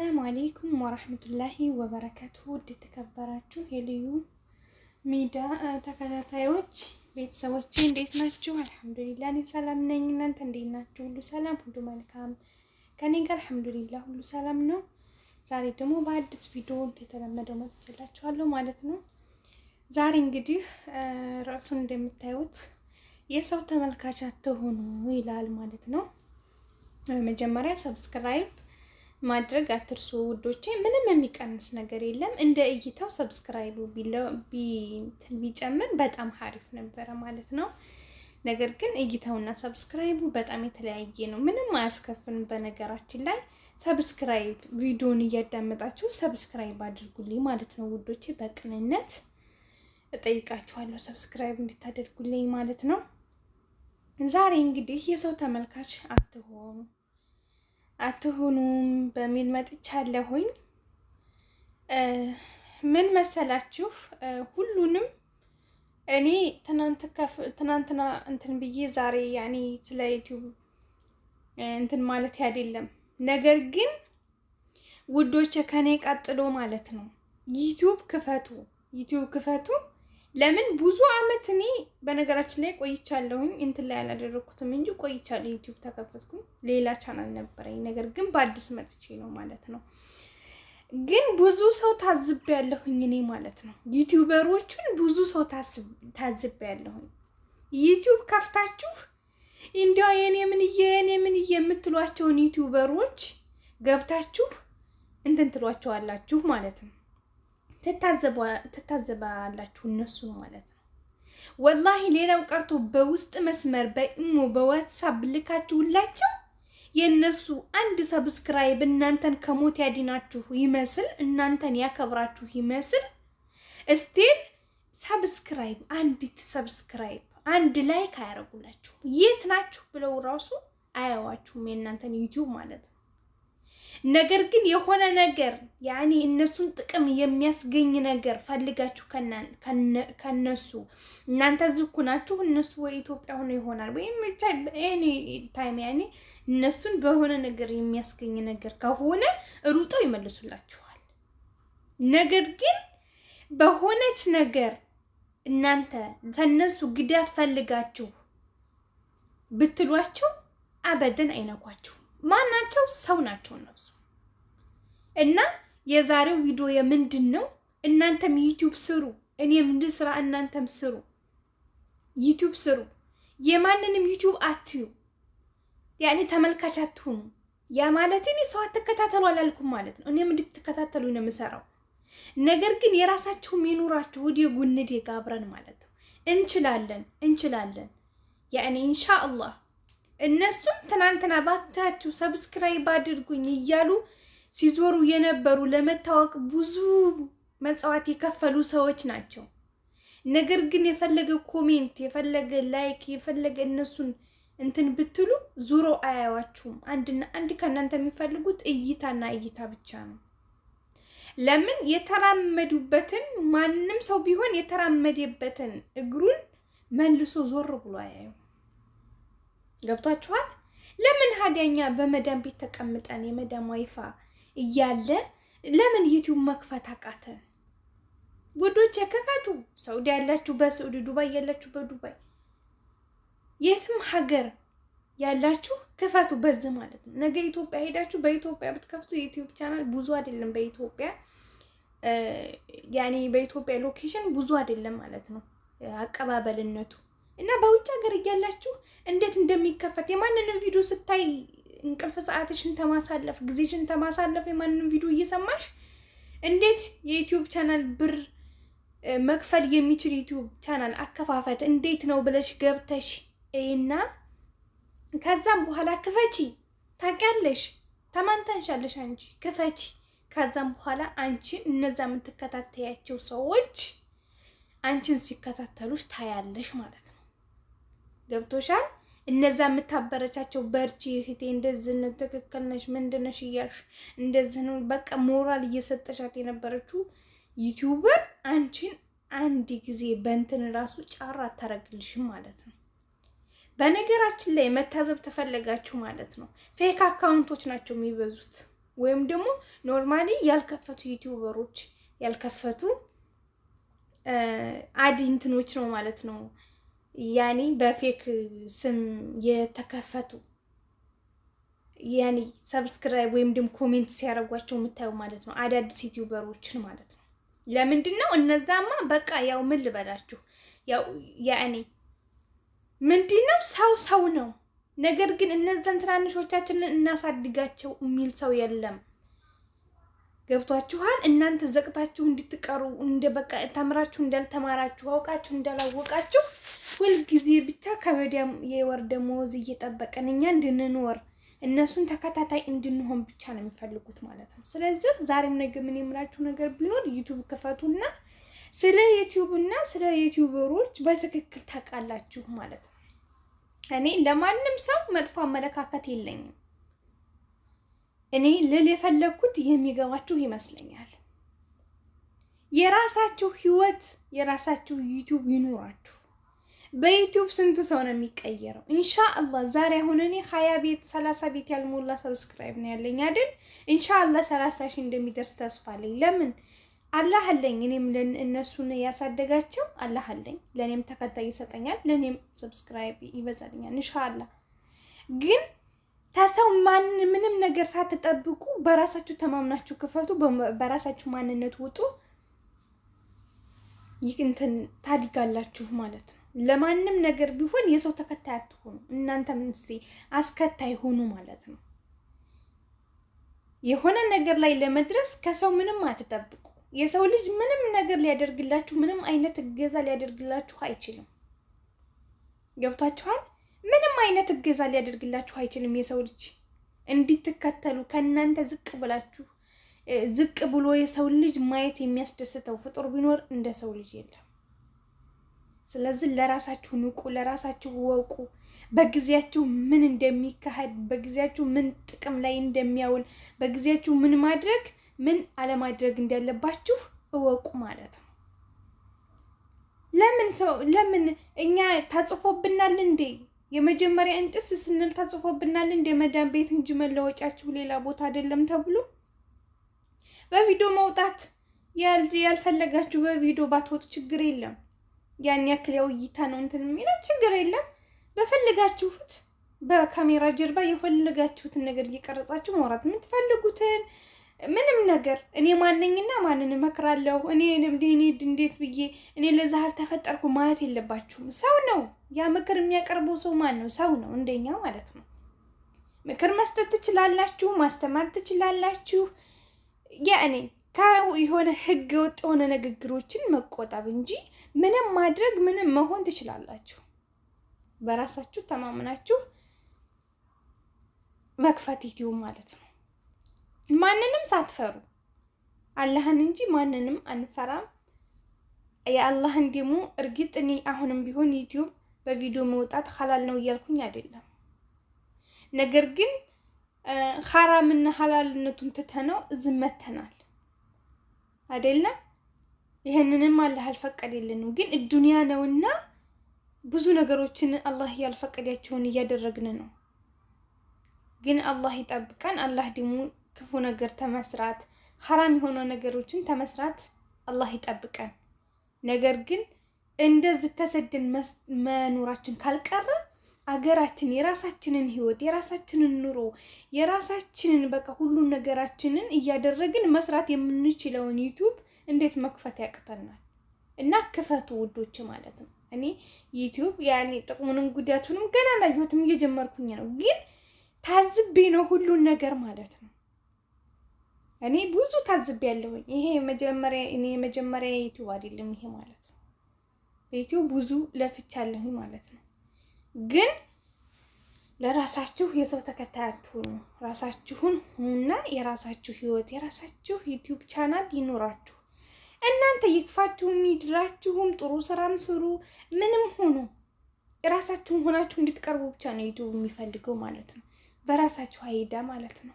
ሰላም አሌይኩም ወራህመቱላሂ ወበረከቱ። ውድ የተከበራችሁ የልዩ ሚዲያ ተከታታዮች ቤተሰቦች እንዴት ናችሁ? አልሐምዱሊላ እኔ ሰላም ነኝ። እናንተ እንዴት ናችሁ? ሁሉ ሰላም፣ ሁሉ መልካም ከኔ ጋር አልሐምዱሊላ ሁሉ ሰላም ነው። ዛሬ ደግሞ በአዲስ ቪዲዮ የተለመደው መጥቼላችኋለሁ ማለት ነው። ዛሬ እንግዲህ ርዕሱን እንደምታዩት የሰው ተመልካች አትሆኑ ይላል ማለት ነው። መጀመሪያ ሰብስክራይብ ማድረግ አትርሱ ውዶቼ። ምንም የሚቀንስ ነገር የለም። እንደ እይታው ሰብስክራይቡ ቢጨምር በጣም ሀሪፍ ነበረ ማለት ነው። ነገር ግን እይታውና ሰብስክራይቡ በጣም የተለያየ ነው። ምንም አያስከፍንም። በነገራችን ላይ ሰብስክራይብ ቪዲዮን እያዳመጣችሁ ሰብስክራይብ አድርጉልኝ ማለት ነው ውዶቼ። በቅንነት እጠይቃችኋለሁ ሰብስክራይብ እንድታደርጉልኝ ማለት ነው። ዛሬ እንግዲህ የሰው ተመልካች አትሆኑ። አትሆኑም በሚል መጥቻለሁኝ። ምን መሰላችሁ ሁሉንም እኔ ትናንት ትናንትና እንትን ብዬ ዛሬ ያኔ ስለ ዩቲዩብ እንትን ማለት አይደለም። ነገር ግን ውዶች ከኔ ቀጥሎ ማለት ነው ዩቲዩብ ክፈቱ፣ ዩቲዩብ ክፈቱ። ለምን ብዙ አመት እኔ በነገራችን ላይ ቆይቻለሁኝ እንትን ላይ አላደረኩትም እንጂ ቆይቻለሁ። ዩቲዩብ ተከፈትኩኝ፣ ሌላ ቻናል ነበረኝ፣ ነገር ግን በአዲስ መጥቼ ነው ማለት ነው። ግን ብዙ ሰው ታዝብ ያለሁኝ እኔ ማለት ነው። ዩቲዩበሮቹን ብዙ ሰው ታዝብ ያለሁኝ። ዩቲዩብ ከፍታችሁ እንዲያ የኔ ምንዬ የኔ ምንዬ የምትሏቸውን ዩቲዩበሮች ገብታችሁ እንትን ትሏቸዋላችሁ ማለት ነው። ትታዘባላችሁ እነሱ ማለት ነው። ወላሂ ሌላው ቀርቶ በውስጥ መስመር በኢሞ በዋትሳፕ ልካችሁላቸው የእነሱ አንድ ሰብስክራይብ እናንተን ከሞት ያድናችሁ ይመስል እናንተን ያከብራችሁ ይመስል እስቲል ሰብስክራይብ አንዲት ሰብስክራይብ አንድ ላይክ አያረጉላችሁ የት ናችሁ ብለው ራሱ አያዋችሁም የእናንተን ዩቲዩብ ማለት ነው። ነገር ግን የሆነ ነገር ያኔ እነሱን ጥቅም የሚያስገኝ ነገር ፈልጋችሁ ከነሱ እናንተ ዝኩ ናችሁ፣ እነሱ ወይ ኢትዮጵያ ሆኖ ይሆናል ወይም ኤኒ ታይም ያኔ እነሱን በሆነ ነገር የሚያስገኝ ነገር ከሆነ ሩጠው ይመልሱላችኋል። ነገር ግን በሆነች ነገር እናንተ ከነሱ ግዳ ፈልጋችሁ ብትሏቸው አበደን አይነኳችሁም። ማናቸው ሰው ናቸው እነሱ። እና የዛሬው ቪዲዮ የምንድን ነው? እናንተም ዩቲዩብ ስሩ፣ ምንድን ስራ፣ እናንተም ስሩ፣ ዩቲዩብ ስሩ። የማንንም ዩቲዩብ አትዩ፣ ያኔ ተመልካች አትሆኑ። ያ ማለት እኔ ሰው አትከታተሉ አላልኩም ማለት ነው። እኔም እንድትከታተሉ ነው የምሰራው። ነገር ግን የራሳችሁም ይኑራችሁ፣ ወደ ጉንዴ ጋብረን ማለት ነው። እንችላለን፣ እንችላለን ያኔ ኢንሻአላህ እነሱም ትናንትና ባታችሁ ሰብስክራይብ አድርጉኝ እያሉ ሲዞሩ የነበሩ ለመታወቅ ብዙ መጽዋት የከፈሉ ሰዎች ናቸው። ነገር ግን የፈለገ ኮሜንት፣ የፈለገ ላይክ፣ የፈለገ እነሱን እንትን ብትሉ ዙሮ አያዋችሁም። አንድና አንድ ከእናንተ የሚፈልጉት እይታና እይታ ብቻ ነው። ለምን የተራመዱበትን ማንም ሰው ቢሆን የተራመደበትን እግሩን መልሶ ዞር ብሎ አያዩ። ገብቷችኋል? ለምን ሀዲያኛ በመዳም ቤት ተቀምጠን የመዳን ዋይፋ እያለ ለምን ዩቲዩብ መክፈት አቃተን? ውዶች የክፈቱ። ሰውዲ ያላችሁ በሰውዲ ዱባይ ያላችሁ በዱባይ የትም ሀገር ያላችሁ ክፈቱ። በዚህ ማለት ነው። ነገ ኢትዮጵያ ሄዳችሁ በኢትዮጵያ ብትከፍቱ የዩቲዩብ ቻናል ብዙ አይደለም። በኢትዮጵያ ያኔ በኢትዮጵያ ሎኬሽን ብዙ አይደለም ማለት ነው አቀባበልነቱ እና በውጭ ሀገር እያላችሁ እንዴት እንደሚከፈት የማንንም ቪዲዮ ስታይ እንቅልፍ ሰዓትሽን ተማሳለፍ ጊዜሽን ተማሳለፍ የማንንም ቪዲዮ እየሰማሽ እንዴት የዩትዩብ ቻናል ብር መክፈል የሚችል ዩትዩብ ቻናል አከፋፈት እንዴት ነው ብለሽ ገብተሽ እና ከዛም በኋላ ክፈቺ ታውቂያለሽ። ተማንተንሻለሽ አንቺ ክፈቺ። ከዛም በኋላ አንቺ እነዛ የምትከታተያቸው ሰዎች አንቺን ሲከታተሉሽ ታያለሽ ማለት ነው። ገብቶሻል። እነዛ የምታበረቻቸው በርቺ እህቴ፣ እንደዚህ ነው፣ ትክክል ነሽ፣ ምንድን ነሽ እያልሽ እንደዚህ ነው፣ በቃ ሞራል እየሰጠሻት የነበረችው ዩቲዩበር አንቺን አንድ ጊዜ በእንትን ራሱ ጫራ አታረግልሽም ማለት ነው። በነገራችን ላይ መታዘብ ተፈለጋችሁ ማለት ነው፣ ፌክ አካውንቶች ናቸው የሚበዙት፣ ወይም ደግሞ ኖርማሊ ያልከፈቱ ዩቲዩበሮች ያልከፈቱ አድ እንትኖች ነው ማለት ነው ያኔ በፌክ ስም የተከፈቱ ያኔ ሰብስክራይብ ወይም ደግሞ ኮሜንት ሲያደርጓቸው የምታዩ ማለት ነው፣ አዳዲስ ዩቲዩበሮችን ማለት ነው። ለምንድን ነው እነዛማ? በቃ ያው ምን ልበላችሁ፣ ያኔ ምንድን ነው ሰው ሰው ነው። ነገር ግን እነዛን ትናንሾቻችንን እናሳድጋቸው የሚል ሰው የለም። ገብቷችኋል። እናንተ ዘቅታችሁ እንድትቀሩ እንደ በቃ ተምራችሁ እንዳልተማራችሁ አውቃችሁ እንዳላወቃችሁ ሁልጊዜ ብቻ ከመዲያም የወር ደመወዝ እየጠበቀን እኛ እንድንኖር እነሱን ተከታታይ እንድንሆን ብቻ ነው የሚፈልጉት ማለት ነው። ስለዚህ ዛሬም ነገ ምን የምላችሁ ነገር ቢኖር ዩቱብ ክፈቱና ስለ ዩቲዩብ እና ስለ ዩቲዩበሮች በትክክል ታውቃላችሁ ማለት ነው። እኔ ለማንም ሰው መጥፎ አመለካከት የለኝም። እኔ ልል የፈለግኩት የሚገባችሁ ይመስለኛል። የራሳችሁ ህይወት የራሳችሁ ዩቱብ ይኑራችሁ። በዩቱብ ስንቱ ሰው ነው የሚቀየረው? እንሻአላ ዛሬ አሁን እኔ ሀያ ቤት ሰላሳ ቤት ያልሞላ ሰብስክራይብ ነው ያለኝ አይደል? እንሻአላ ሰላሳ ሺህ እንደሚደርስ ተስፋ አለኝ። ለምን አላህ አለኝ። እኔም እነሱን ያሳደጋቸው አላህ አለኝ። ለእኔም ተከታይ ይሰጠኛል፣ ለእኔም ሰብስክራይብ ይበዛልኛል እንሻአላ ግን ከሰው ማን ምንም ነገር ሳትጠብቁ በራሳችሁ ተማምናችሁ ክፈቱ። በራሳችሁ ማንነት ውጡ። ይህ እንትን ታድጋላችሁ ማለት ነው። ለማንም ነገር ቢሆን የሰው ተከታይ አትሆኑ። እናንተ ምን አስከታይ ሆኑ ማለት ነው። የሆነ ነገር ላይ ለመድረስ ከሰው ምንም አትጠብቁ። የሰው ልጅ ምንም ነገር ሊያደርግላችሁ፣ ምንም አይነት እገዛ ሊያደርግላችሁ አይችልም። ገብቷችኋል? ምንም አይነት እገዛ ሊያደርግላችሁ አይችልም። የሰው ልጅ እንዲትከተሉ ከእናንተ ዝቅ ብላችሁ ዝቅ ብሎ የሰው ልጅ ማየት የሚያስደስተው ፍጡር ቢኖር እንደ ሰው ልጅ የለም። ስለዚህ ለራሳችሁ ንቁ፣ ለራሳችሁ ወቁ። በጊዜያችሁ ምን እንደሚካሄድ፣ በጊዜያችሁ ምን ጥቅም ላይ እንደሚያውል፣ በጊዜያችሁ ምን ማድረግ ምን አለማድረግ እንዳለባችሁ እወቁ ማለት ነው። ለምን ሰው ለምን እኛ ተጽፎብናል እንዴ? የመጀመሪያ እንጥስ ስንል ተጽፎብናል። እንደ መዳን ቤት እንጂ መለወጫችሁ ሌላ ቦታ አይደለም ተብሎ በቪዲዮ መውጣት ያልፈለጋችሁ በቪዲዮ ባትወጡ ችግር የለም። ያን ያክል ያው እይታ ነው እንትን የሚለው ችግር የለም። በፈለጋችሁት በካሜራ ጀርባ የፈለጋችሁትን ነገር እየቀረጻችሁ ማውራት የምትፈልጉትን ምንም ነገር እኔ ማነኝና ማንን እመክራለሁ? እኔ እንዴት ብዬ እኔ ሀል አልተፈጠርኩ ማለት የለባችሁም። ሰው ነው ያ ምክር የሚያቀርበው ሰው ማን ነው? ሰው ነው እንደኛ ማለት ነው። ምክር መስጠት ትችላላችሁ፣ ማስተማር ትችላላችሁ። ያኔ የሆነ ህገ ወጥ የሆነ ንግግሮችን መቆጠብ እንጂ ምንም ማድረግ ምንም መሆን ትችላላችሁ። በራሳችሁ ተማምናችሁ መክፈት ይግቡ ማለት ነው። ማንንም ሳትፈሩ አላህን እንጂ ማንንም አንፈራም። የአላህን ደግሞ እርግጥ እኔ አሁንም ቢሆን ዩቲዩብ በቪዲዮ መውጣት ሀላል ነው እያልኩኝ አይደለም። ነገር ግን ሀራምና ሀላልነቱን ትተነው እዚህ መተናል አይደለም። ይህንንም አላህ አልፈቀደልንም። ግን እዱንያ ነውና ብዙ ነገሮችን አላህ ያልፈቀዳቸውን እያደረግን ነው። ግን አላህ ይጠብቀን። አላህ ደግሞ ክፉ ነገር ተመስራት፣ ሐራም የሆነ ነገሮችን ተመስራት አላህ ይጠብቀን። ነገር ግን እንደዚህ ተሰደን መኖራችን ካልቀረ አገራችን የራሳችንን ህይወት የራሳችንን ኑሮ የራሳችንን በቃ ሁሉን ነገራችንን እያደረግን መስራት የምንችለውን ዩቱብ እንዴት መክፈት ያቅተናል? እና ክፈቱ ውዶች ማለት ነው። እኔ ዩቱብ ያኔ ጥቅሙንም ጉዳቱንም ገና ላየሁትም እየጀመርኩኝ ነው፣ ግን ታዝቤ ነው ሁሉን ነገር ማለት ነው። እኔ ብዙ ታዝቤያለሁኝ። ይሄ የመጀመሪያ እኔ የመጀመሪያ ዩቲዩብ አይደለም ይሄ ማለት ነው። በዩቲዩብ ብዙ ለፍቻለሁኝ ማለት ነው። ግን ለራሳችሁ የሰው ተከታይ አትሆኑ። ራሳችሁን ሁኑና የራሳችሁ ህይወት፣ የራሳችሁ ዩቲዩብ ቻናል ይኖራችሁ። እናንተ ይክፋችሁም ይድራችሁም ጥሩ ስራም ስሩ፣ ምንም ሆኑ ራሳችሁን ሆናችሁ እንድትቀርቡ ብቻ ነው ዩቲዩብ የሚፈልገው ማለት ነው። በራሳችሁ አይዳ ማለት ነው።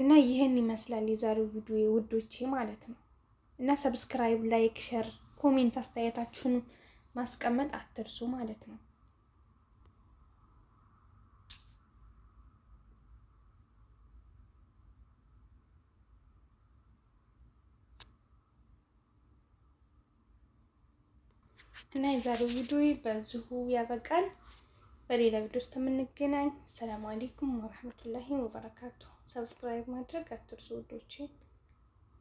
እና ይህን ይመስላል የዛሬው ቪዲዮ ውዶቼ ማለት ነው። እና ሰብስክራይብ፣ ላይክ፣ ሸር፣ ኮሜንት አስተያየታችሁን ማስቀመጥ አትርሱ ማለት ነው። እና የዛሬው ቪዲዮ በዚሁ ያበቃል። በሌላ ቪዲዮ ውስጥ የምንገናኝ። ሰላም አለይኩም ወራህመቱላሂ ወበረካቱ። ሰብስክራይብ ማድረግ አትርሱ ውዶቼ።